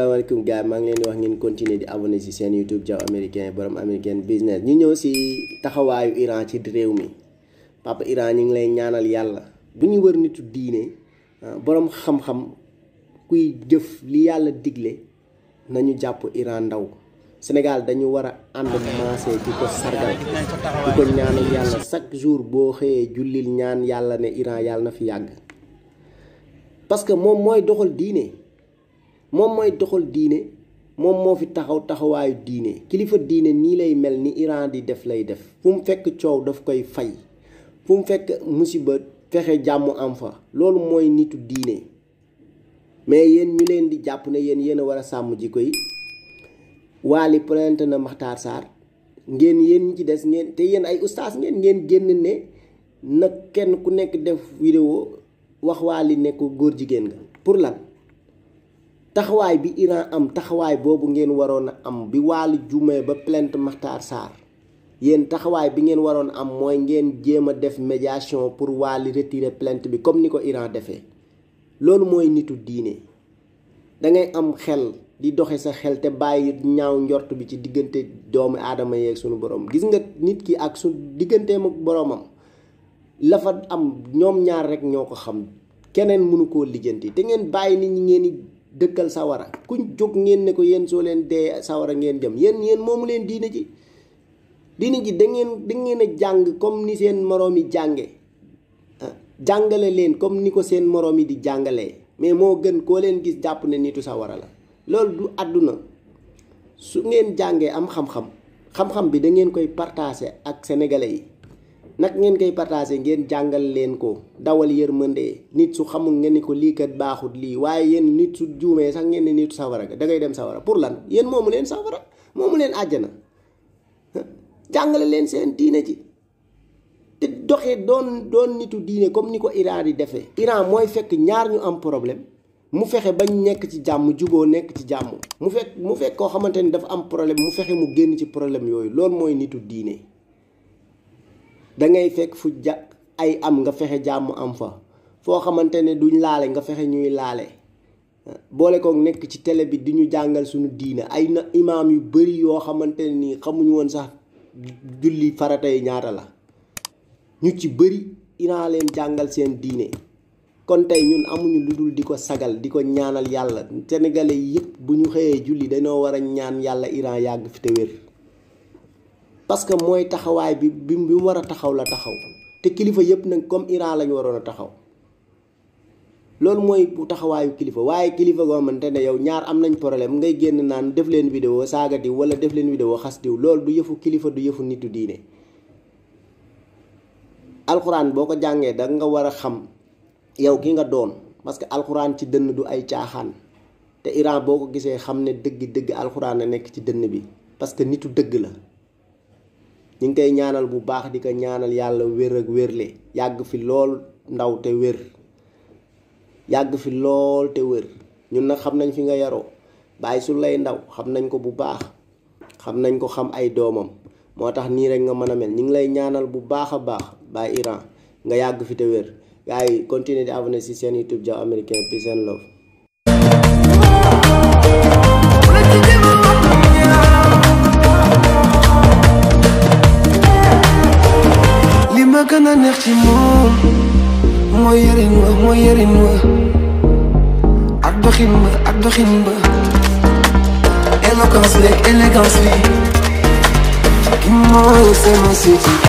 asalaamaaleykum gars maa ngi leen di wax ngeen continuer di abonné si seen YouTube Diaw américain borom américain business ñu ñëw si taxawaayu Iran ci réew mi papa Iran ñu ngi lay ñaanal yàlla bu ñu wër nitu diine ah, borom xam-xam kuy jëf li yàlla digle na ñu jàpp Iran ndaw Sénégal dañu war a ànd maase di ko sargal di ko ñaanal yàlla chaque jour boo xëyee jullil ñaan yàlla ne Iran yàlla na fi yàgg parce moom mooy doxal diine. moom mooy doxal diine moom moo fi taxaw taxawaayu diine kilifa diine nii lay mel ni Iran di def lay def fu mu fekk coow daf koy fay fu mu fekk musiba fexe jàmm am fa loolu mooy nitu diine mais yéen ñu leen di jàpp ne yéen yéen a sàmm ji koy waali plainte na Maxtaar Sarr ngeen yéen ñi ci des ngeen te yéen ay ustaas ngeen ngeen génn ne nag kenn ku nekk def vidéo wax waali nekk góor jigéen nga pour lan taxawaay bi Iran am taxawaay boobu ngeen waroon a am bi Waly Diomaye ba plainte Makhtar Sarr yéen taxawaay bi ngeen waroon am mooy ngeen jéem a def médiation pour Waly retire plant bi comme ni ko Iran defee loolu mooy nitu diine dangay am xel di doxe sa xel te bàyyi ñaaw njort bi ci diggante doomu aadama yeeg sunu boroom gis nga nit ki ak su digganteem ak boroomam la am ñoom ñaar rek ñoo ko xam keneen mënu koo lijjanti te ngeen bàyyi nit ñi ngeen dëkkal sawara kuñ jóg ngeen ne ko yéen soo leen dee sawara ngeen jëm yéen yéen moomu leen diine ji diine ji dangeen ngeen da ngeen a jàng comme ni seen moroom yi jànge ah, jàngale leen comme ni ko seen moroom yi di jàngalee mais moo gën koo leen gis jàpp ne nitu sawara la loolu du àdduna su ngeen jàngee am xam-xam xam-xam bi da ngeen koy partager ak sénégalais yi nag ngeen koy partagé ngeen jàngal leen ko dawal yërmande nit su xamul ngeen ni ko lii kat baaxut lii waaye yéen nit su juumee sax ngeen ne nit sawara ga da ngay dem sawara pour lan yéen mu leen sawara moomu leen àjjana jàngale leen seen diine ci te doxee doon doon nitu diine comme ni ko Iran di defee. Iran mooy fekk ñaar ñu am problème mu fexe bañ nekk ci jàmm juboo nekk ci jàmm mu fekk mu fekk koo xamante ni dafa am problème mu fexe mu génn ci problème yooyu loolu mooy nitu diine. dangay fekk fu ja ay am nga fexe jàmm am fa foo xamante ne duñ laale nga fexe ñuy laale boole kook nekk ci tele bi di ñu jàngal suñu diine ay na imaam yu bari yoo xamante ne nii xamuñu woon sax julli farata yi ñaata la ñu ci bari iran leen jàngal seen diine kon tey ñun amuñu lu dul di ko sagal di ko ñaanal yàlla sénégalais yëpp bu ñu xëyee julli dañoo war a ñaan yàlla Iran yàgg fi te wér parce que mooy taxawaay bi bi mu war a taxaw la taxaw te kilifa yëpp nag comme Iran la ñu waroon a taxaw loolu mooy taxawaayu kilifa waaye kilifa goo xamante ne yow ñaar am nañ problème ngay génn naan def leen vidéo saaga diw wala def leen vidéo xas diw loolu du yëfu kilifa du yëfu nitu diine alxuraan boo ko jàngee da nga war a xam yow ki nga doon parce que alxuraan ci dënn du ay caaxaan te Iran boo ko gisee xam ne dëgg dëgg alxuraan a nekk ci dënn bi parce que nitu dëgg la ñu ngi koy ñaanal bu baax di ko ñaanal yàlla wér ak wérle yàgg fi lool ndaw te wér yàgg fi lool te wér ñun nag xam nañ fi nga yaroo bàyyi su lay ndaw xam nañ ko bu baax xam nañ ko xam ay doomam moo tax nii rek nga mën a mel ñu ngi lay ñaanal bu baax a baax bàyyi Iran nga yàgg fi te wér gars yi continuer di abonné si seen YouTube Diaw Américain peace and love la gën a neex ci moom mooy yarin wa mooy yarin wa ak doxin ba ak doxin ba ki mooy sama siti